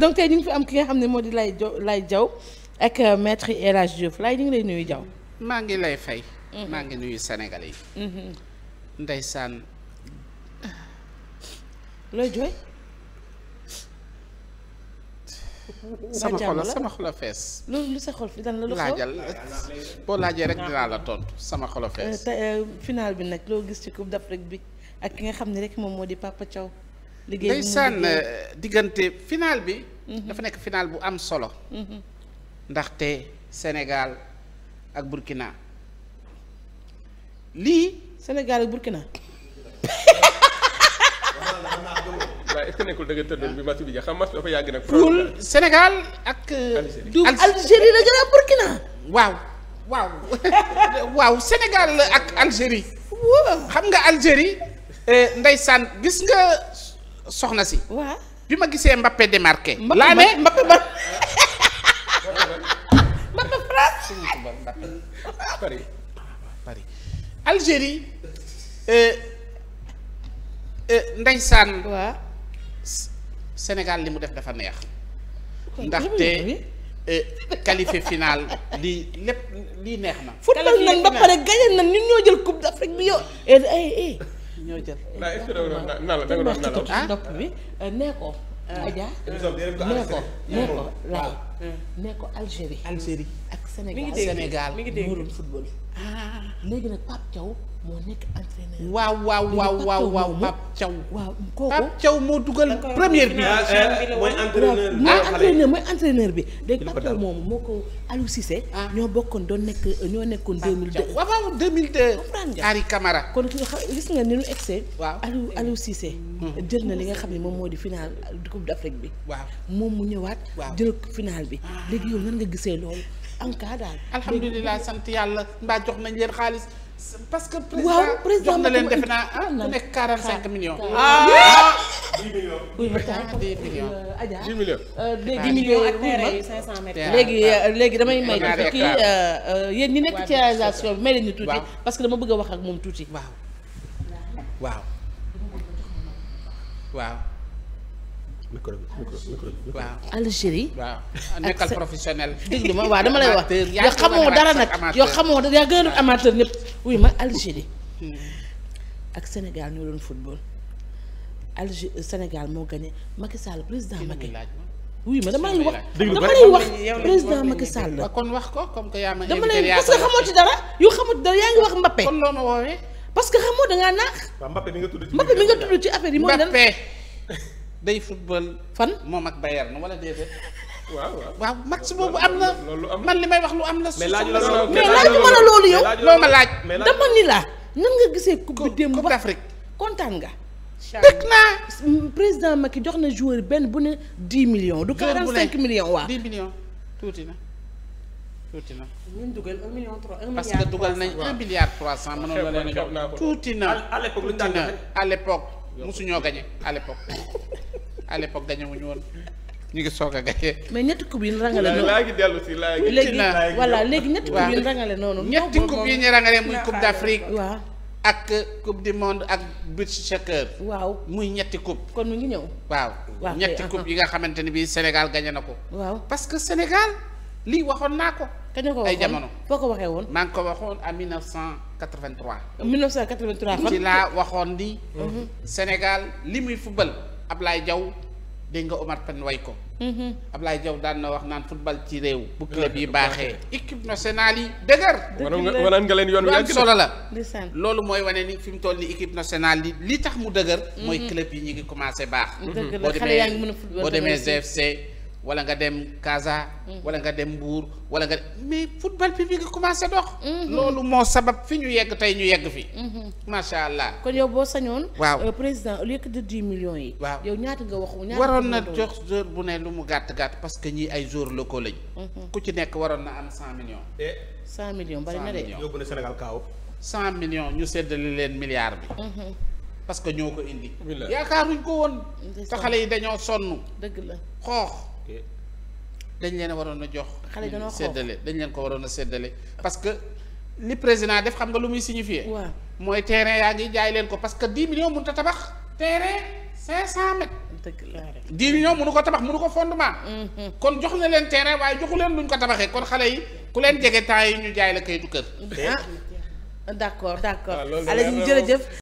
donc tey ñu ngi fi am ki nga xam ne moo di lay Laye Diaw ak euh, maître El Hadj Diouf Laye ngi lay nuyu Diaw. maa ngi lay fay. Mm-hmm. maa ngi nuyu Sénégalais yi. Mm-hmm. ndeysaan. looy jooy. sama xol sama xol a fees. lu lu sa xol fi dan lu laajal boo laajee rek dinaa la tontu sama xol euh, fees. Euh, final bi nag loo gis ci Coupe d'Afrique bi ak ki nga xam ne rek moom moo di Papa Thiaw. liggéey ndeysaan euh, diggante final bi. Mhm. dafa nekk final bu am solo. Mhm. ndaxte Sénégal ak Burkina. lii. Sénégal ak Burkina. waaw est-ce que nga tëddoon bi ak. Euh, Burkina. waaw waaw Sénégal ak Algérie. xam nga Algérie. Euh, ndeysaan gis nga. soxna si. bi ma gisee Mbappé démarqué. Mbappé laa ne Mbappé ba. Mbappé France. Paris Paris Algérie. Euh, euh, li mu def dafa neex. ndaxte. Euh, qualifié final lii lépp lii neex na. football nañ ba pare gagné nañ ñun ñoo jël coupe d'Afrique bi yow. ñoo jël. ndax est-ce que da nga doon nalaw da nga doon nalaw ah nopp bi euh, nee ko. Euh, Adja ah. nee ko nee ko waaw ah. nee ko Algérie. Algérie ak Sénégal Sénégal. mi ngi dégg mi ngi dégg football. Ah. léegi nag Pape Thiaw. moo nekk entraîneur. waaw waaw waaw waaw waaw Pape Thiaw. waaw kooku Pape Thiaw moo dugal. première bi mooy entraîneur bi. waaw mooy entraîneur bi. léegi Pape moom moo ko Aliou Cissé. Ah. ñoo bokkoon doon nekk ñoo nekkoon. deux mille deux waaw 2002. Ari Camara. kon gis nga ni ñu excès. waaw hmm. jël na li nga xam ne moom moo di final coupe d'Afrique bi. waaw moom mu ñëwaat. waaw jël final bi. Ah. léegi yow nan nga gisee loolu. en tout cas daal. alhamdulilah sant yàlla mbaa jox nañ leen xaalis. parce que président jox na leen defe naa ah ku nekk 45 millions. ah 10 millions. 10 millions. léegi euh, léegi damay may tuuti kii euh, euh, yéen ñi nekk ci réalisation may leen tuuti. parce que dama bëgg a wax ak moom tuuti. waaw waaw waaw. micro bi waaw Algérie. waaw nekkal professionnel. déglu ma waaw dama lay wax yoo xamoo dara nag yoo xamoo yaa gën a amateur ñëpp. wuy ma Algérie. Hmm. ak Sénégal ñoo doon football. Algé euh, Sénégal moo gagné Macky Sall président Macky. oui ma damay wax dama lay wax président Macky Sall kon wax ko comme que yaa ma dama lay parce xamoo ci dara yu xamoo ci dara yaa ngi wax Mbappé. kon loo ma woowee. parce que xamoo da ngaa naax. waaw mi nga tudd ci Mbappé ci affaire yi mooy lan Mbappé. day football. fan moom ak Bayern wala déedéet. waaw waaw waaw max boobu am na. man li may wax lu am la. mais laaj la loolu yow. loo ma laaj. dama ni laa nan nga gisee. coupe bi démb ba Afrique kontaan nga. bëgg naa président Macky jox na joueur benn bu ne dix millions. du quarante cinq millions waaw dix millions na. tuuti na ñun dugal un million trois un milliard na leen jox tuuti na. à l'époque lu ñu daan joxe à l'époque mosuñoo gagné à l'époque à l'époque gañe wuñu woon ñu ngi soo a gañe mais ñetti coupe yi ñu rangale noonu laa ngi dellu si laa ngi léegi voilà léegi ñetti coupe yi ñu rangale noonu ñetti coupe yi ñu rangale muy coupe d'Afrique waaw ak coupe du monde ak beach soccer waaw muy ñetti coupe kon mu ngi ñëw waaw ñetti coupe yi nga xamante ni bii Sénégal gañe na ko waaw parce que Sénégal li waxoon naa ko ay jamono foo ko waxee woon maa ngi ko waxoon à 1983 1983 ci laa waxoon di mhm. Sénégal li muy football Ablaye Diaw dégg nga Omar Pène way ko. Mhm. Ablaye Diaw daan na wax naan football ci réew. bu ah, club yi baaxee. équipe nationale yi dëgër. wanaan nga leen yoon wi am solo la. loolu mooy wane ni fi mu toll nii équipe nationale yi li tax mu dëgër. Mhm. mooy club yi ñu ngi commencé baax. dëgg la a boo demee GFC. wala nga dem Casa. wala nga dem Mbour wala nga mais football bi mi ngi commencé dox. Mhm. loolu moo sabab fi ñu yegg tey ñu yegg fi. Mhm. macha allah kon yow boo sañoon. waaw euh, président au lieu que de yi. waaw yow ñaata nga wax ñaata waroon na jox joueur bu mu gàtt gàtt parce que ñii ay joueurs locaux lañ. Mhm. ku ci na am cent millions. et eh. cent millions bari na de. yóbbu ñu séddale leen milliard bi. parce que ñoo ko indi. yaakaaruñ ko woon. te xale yi dañoo sonn. dëgg la xoox. dañ leen waroon a jox. xale dañoo séddale dañ leen ko waroon a seddale parce que li président def xam nga lu muy signifier. waaw mooy terrain yaa ngi jaay leen ko parce que 10 millions mënut a tabax. terrain 500 mètres. dëgg la rek 10 millions mënu ko tabax mënu ko fondement. Mm-hmm. kon jox na leen terrain waaye joxu leen luñ ko tabaxee kon xale yi ku leen jege temps yi ñu jaay la kayitu kër. Ah, d'accord d'accord. waaw ah, loolu jërëjëf.